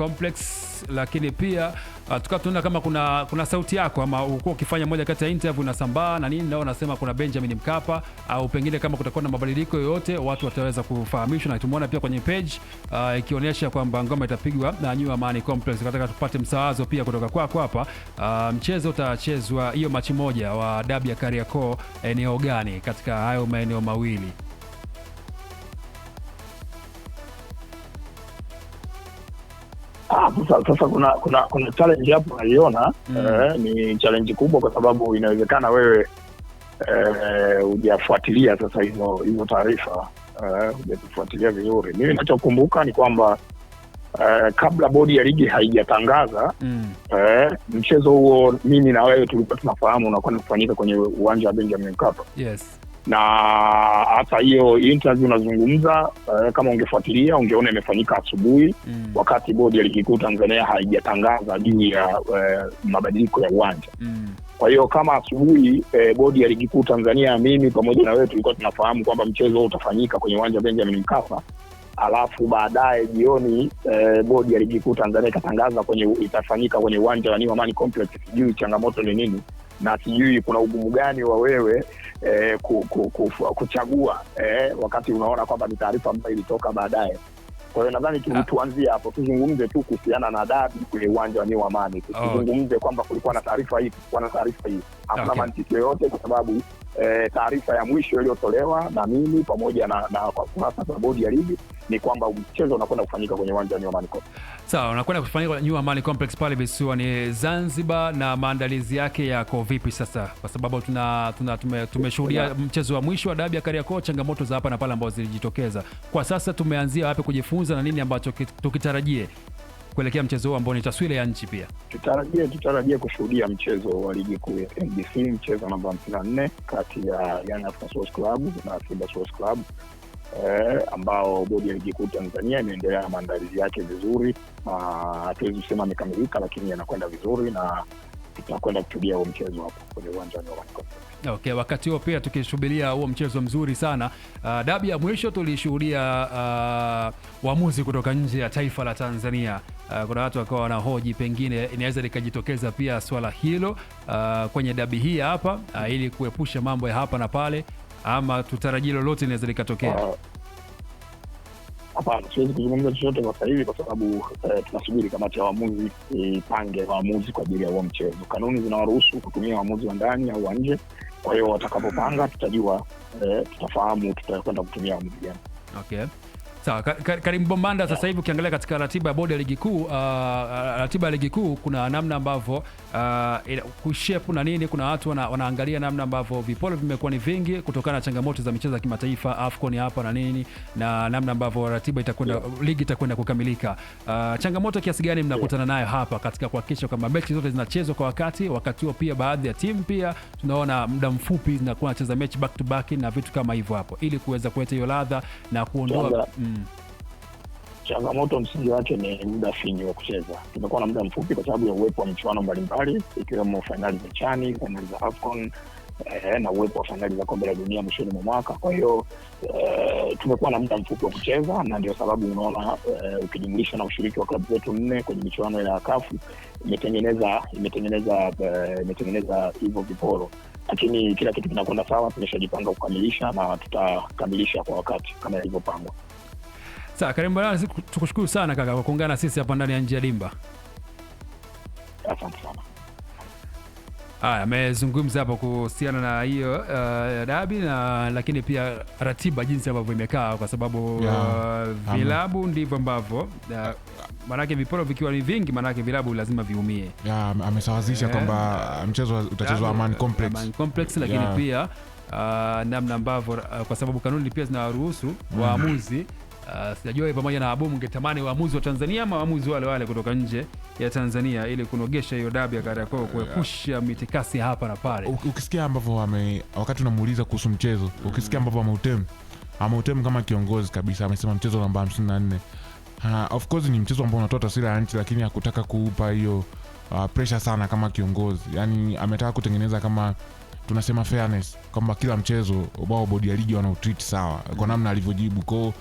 complex, lakini pia ah, tukawa tunaona kama kuna, kuna sauti yako ama ukuwa ukifanya moja kati ya interview unasambaa na nini, nao nasema kuna Benjamin Mkapa au pengine kama kutakuwa na mabadiliko yoyote watu wataweza kufahamishwa, na tumeona pia kwenye page uh, ikionyesha kwamba ngoma itapigwa na New Amani Complex. Nataka tupate msawazo pia kutoka kwako hapa. Uh, mchezo utachezwa hiyo Machi moja wa dabi ya Kariakoo eneo gani katika hayo maeneo mawili? Ah, sasa sasa kuna kuna kuna challenge hapo naiona mm. Eh, ni challenge kubwa kwa sababu inawezekana wewe eh, hujafuatilia eh, sasa hizo hizo taarifa hujazifuatilia eh, vizuri. Mimi nachokumbuka ni kwamba eh, kabla bodi ya ligi haijatangaza mm. eh, mchezo huo mimi na wewe tulikuwa tunafahamu unakwenda kufanyika kwenye uwanja wa Benjamin Mkapa yes na hata hiyo interview unazungumza, uh, kama ungefuatilia ungeona imefanyika asubuhi mm. wakati bodi ya ligi kuu Tanzania haijatangaza juu ya uh, mabadiliko ya uwanja mm. Kwa hiyo kama asubuhi uh, bodi ya ligi kuu Tanzania, mimi pamoja na wewe tulikuwa tunafahamu kwamba mchezo huo utafanyika kwenye uwanja wa Benjamin Mkapa, alafu baadaye jioni eh, bodi ya ligi kuu Tanzania ikatangaza kwenye itafanyika kwenye uwanja wa Complex. Sijui changamoto ni nini na sijui kuna ugumu gani wa wewe eh, ku, ku, ku, kuchagua eh, wakati unaona kwamba ni taarifa ambayo ilitoka baadaye. Kwa hiyo nadhani tu, ah. tuanzie hapo, tuzungumze tu kuhusiana na dabi kwenye uwanja wa New Amani, tusizungumze oh, okay, kwamba kulikuwa na taarifa hii, kulikuwa na taarifa hii, hakuna okay, mantiki yoyote kwa sababu e, taarifa ya mwisho iliyotolewa na mimi pamoja na, na kwa kurasa za bodi ya ligi ni kwamba mchezo unakwenda kufanyika kwenye uwanja wa New Amani Complex. Sawa, unakwenda kufanyika kwenye New Amani Complex pale ni Zanzibar, na maandalizi yake yako vipi sasa, kwa sababu tuna, tuna tumeshuhudia tume mchezo wa mwisho wa dabi ya Kariakoo, changamoto za hapa na pale ambazo zilijitokeza. Kwa sasa tumeanzia wapi kujifunza na nini ambacho tukitarajie kuelekea mchezo huo ambao ni taswira ya nchi pia? Tutarajia tutarajia kushuhudia mchezo wa ligi kuu ya NBC, mchezo namba hamsini na nne kati ya Young Africans Sports Club na Simba Sports Club eh, ambao bodi ya ligi kuu Tanzania imeendelea na maandalizi yake vizuri. Ah, hatuwezi uh, kusema amekamilika, lakini yanakwenda vizuri na tutakwenda kushuhudia huo mchezo hapo kwenye uwanja wa Okay, wakati huo pia tukishubilia huo mchezo mzuri sana. Uh, dabi ya mwisho tulishuhudia uh, kutoka nje ya taifa la Tanzania uh, kuna watu wakawa wanahoji pengine inaweza likajitokeza pia swala hilo uh, kwenye dabi hii hapa uh, ili kuepusha mambo ya hapa na pale, ama tutarajia lolote inaweza likatokea? Uh, hapana, siwezi kuzungumza chochote kwa hivi kwa sababu uh, tunasubiri kamati ya waamuzi ipange waamuzi kwa ajili ya huo mchezo. Kanuni zinawaruhusu kutumia waamuzi wa ndani au wa nje, kwa hiyo watakapopanga tutajua, eh, tutafahamu tutakwenda kutumia waamuzi gani. Okay. Sawa, Karim Bombanda sasa hivi ukiangalia katika ratiba ya bodi ya ligi kuu uh, uh ratiba ya ligi kuu kuna namna ambavyo uh, kushepu na nini, kuna watu wana, wanaangalia namna ambavyo vipole vimekuwa ni vingi kutokana na changamoto za michezo ya kimataifa AFCON hapa na nini na namna ambavyo ratiba itakwenda yeah. ligi itakwenda kukamilika. Uh, changamoto kiasi gani mnakutana nayo hapa katika kuhakikisha kwamba mechi zote zinachezwa kwa wakati, wakati huo pia baadhi ya timu pia tunaona muda mfupi zinakuwa nacheza mechi back to back na vitu kama hivyo hapo, ili kuweza kuleta hiyo ladha na kuondoa mm, Mm. Changamoto msingi wake ni muda finyu wa kucheza. Tumekuwa na muda mfupi kwa sababu ya uwepo wa michuano mbalimbali ikiwemo fainali za chani, fainali za AFCON e, na uwepo wa fainali za kombe la dunia mwishoni mwa mwaka. Kwa hiyo e, tumekuwa na muda mfupi wa kucheza, na ndio sababu unaona e, ukijumlisha na ushiriki wa klabu zetu nne kwenye michuano ya kafu imetengeneza imetengeneza imetengeneza hivyo viporo lakini kila kitu kinakwenda sawa, tumeshajipanga kukamilisha na tutakamilisha kwa wakati kama ilivyopangwa. Sawa, karibu bwana, tukushukuru sana kaka kwa kuungana sisi hapa ndani ya nje ya dimba. Asante sana. Haya, amezungumza hapo kuhusiana na hiyo uh, dabi na lakini pia ratiba jinsi ambavyo imekaa kwa sababu yeah, uh, vilabu ndivyo ambavyo uh, eh, maanake viporo vikiwa ni vingi, maanake vilabu lazima viumie. Yeah, amesawazisha yeah, kwamba mchezo utachezwa yeah, Amaan Complex, Amaan Complex lakini yeah, pia uh, namna ambavyo uh, kwa sababu kanuni pia zinawaruhusu mm-hmm. waamuzi mm -hmm Uh, sijajua sijajua pamoja na Abumu ungetamani waamuzi wa Tanzania ama waamuzi wale wale kutoka nje ya Tanzania ili kunogesha hiyo dabi ya Kariakoo, eh, kuepusha mitikasi hapa na pale. Ukisikia ambavyo wame wakati unamuuliza kuhusu mchezo, mm. ukisikia ambavyo ameutemu ameutemu kama kiongozi kabisa, amesema mchezo namba 54 uh, of course ni mchezo ambao unatoa taswira ya nchi, lakini hakutaka kuupa hiyo uh, pressure sana kama kiongozi. Yani ametaka kutengeneza kama tunasema fairness kwamba kila mchezo ubao bodi ya ligi wanautreat sawa, kwa namna alivyojibu kwao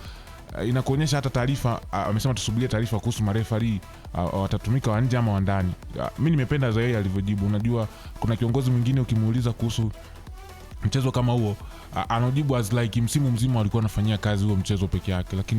Eh, inakuonyesha hata taarifa ah, amesema tusubirie taarifa kuhusu marefari ah, ah, watatumika wanje ama wa ndani. Mi nimependa zaidi alivyojibu. Unajua, kuna kiongozi mwingine ukimuuliza kuhusu mchezo kama huo anajibu as like msimu mzima alikuwa anafanyia kazi huo mchezo peke yake, lakini